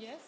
Yes.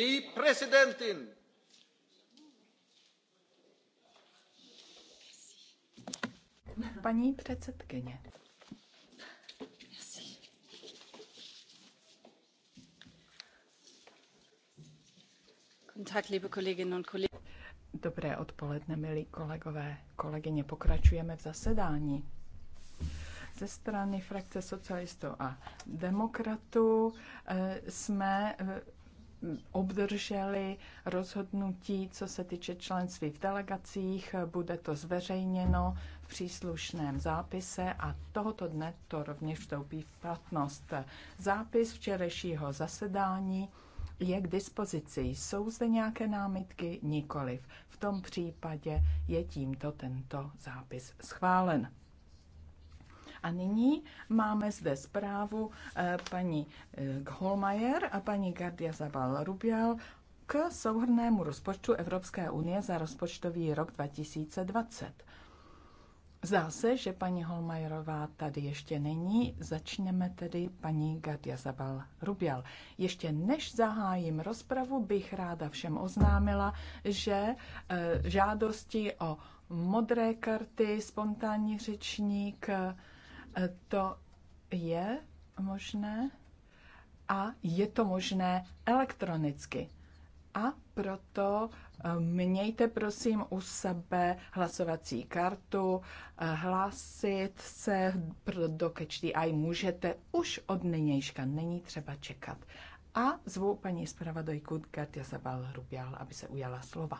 die präsidentin! paní předsedkyně dobré odpoledne milí kolegové kolegyně pokračujeme v zasedání ze strany frakce socialistů a demokratů eh, jsme obdrželi rozhodnutí, co se týče členství v delegacích. Bude to zveřejněno v příslušném zápise a tohoto dne to rovněž vstoupí v platnost. Zápis včerejšího zasedání je k dispozici. Jsou zde nějaké námitky? Nikoliv. V tom případě je tímto tento zápis schválen. A nyní máme zde zprávu eh, paní eh, Holmajer a paní Gardia Zabal Rubial k souhrnému rozpočtu Evropské unie za rozpočtový rok 2020. Zdá se, že paní Holmajerová tady ještě není. Začneme tedy paní Gardia Zabal Rubial. Ještě než zahájím rozpravu, bych ráda všem oznámila, že eh, žádosti o modré karty, spontánní řečník, to je možné a je to možné elektronicky. A proto eh, mějte prosím u sebe hlasovací kartu, eh, hlásit se do kečty a můžete už od nynějška, není třeba čekat. A zvu paní zpravodajku Katia Zabal Hrubial, aby se ujala slova.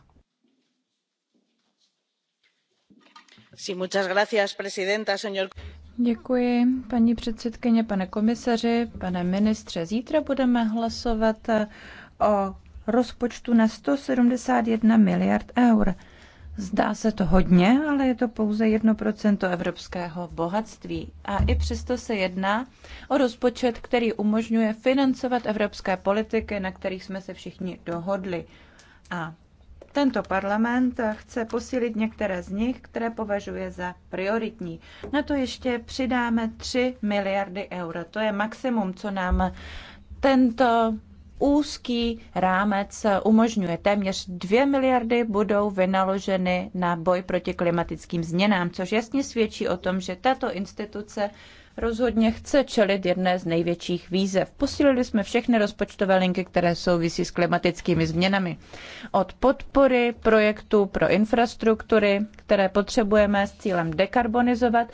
Děkuji, paní předsedkyně, pane komisaři, pane ministře. Zítra budeme hlasovat eh, o rozpočtu na 171 miliard eur. Zdá se to hodně, ale je to pouze 1% evropského bohatství. A i přesto se jedná o rozpočet, který umožňuje financovat evropské politiky, na kterých jsme se všichni dohodli. A tento parlament chce posílit některé z nich, které považuje za prioritní. Na to ještě přidáme 3 miliardy euro. To je maximum, co nám tento úzký rámec umožňuje. Téměř 2 miliardy budou vynaloženy na boj proti klimatickým změnám, což jasně svědčí o tom, že tato instituce rozhodně chce čelit jedné z největších výzev. Posílili jsme všechny rozpočtové linky, které souvisí s klimatickými změnami. Od podpory projektů pro infrastruktury, které potřebujeme s cílem dekarbonizovat,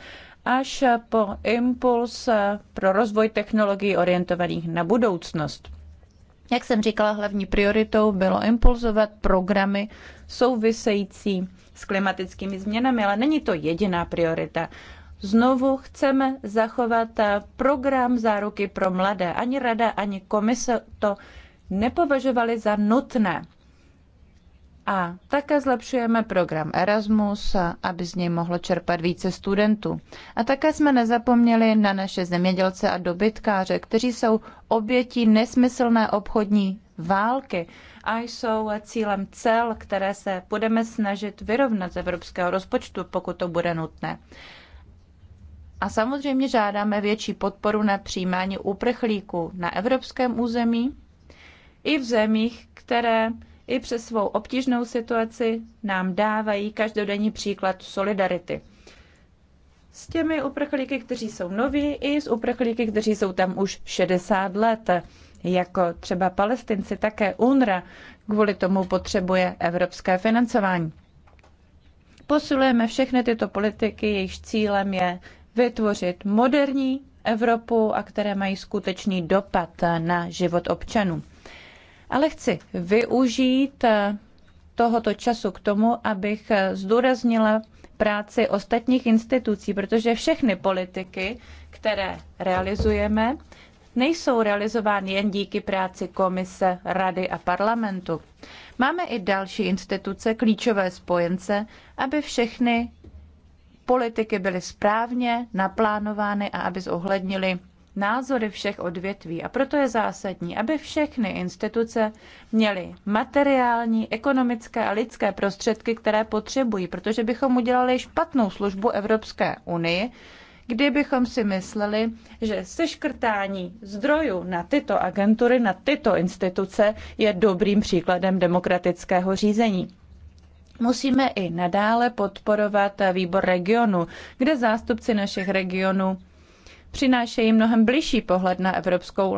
až po impuls pro rozvoj technologií orientovaných na budoucnost. Jak jsem říkala, hlavní prioritou bylo impulzovat programy související s klimatickými změnami, ale není to jediná priorita znovu chceme zachovat eh, program záruky pro mladé. Ani rada, ani komise to nepovažovali za nutné. A také zlepšujeme program Erasmus, aby z něj mohlo čerpat více studentů. A také jsme nezapomněli na naše zemědělce a dobytkáře, kteří jsou obětí nesmyslné obchodní války a jsou cílem cel, které se budeme snažit vyrovnat z evropského rozpočtu, pokud to bude nutné. A samozřejmě žádáme větší podporu na přijímání uprchlíků na evropském území i v zemích, které i přes svou obtížnou situaci nám dávají každodenní příklad solidarity. S těmi uprchlíky, kteří jsou noví, i s uprchlíky, kteří jsou tam už 60 let, jako třeba palestinci, také UNRA, kvůli tomu potřebuje evropské financování. Posilujeme všechny tyto politiky, jejichž cílem je vytvořit moderní Evropu a které mají skutečný dopad na život občanů. Ale chci využít eh, tohoto času k tomu, abych eh, zdůraznila práci ostatních institucí, protože všechny politiky, které realizujeme, nejsou realizovány jen díky práci komise, rady a parlamentu. Máme i další instituce, klíčové spojence, aby všechny politiky byly správně naplánovány a aby zohlednili názory všech odvětví. A proto je zásadní, aby všechny instituce měly materiální, ekonomické a lidské prostředky, které potřebují, protože bychom udělali špatnou službu Evropské unii, kdybychom si mysleli, že seškrtání zdrojů na tyto agentury, na tyto instituce je dobrým příkladem demokratického řízení. Musíme i nadále podporovat výbor regionu, kde zástupci našich regionů přinášejí mnohem bližší pohled na evropskou legislativu.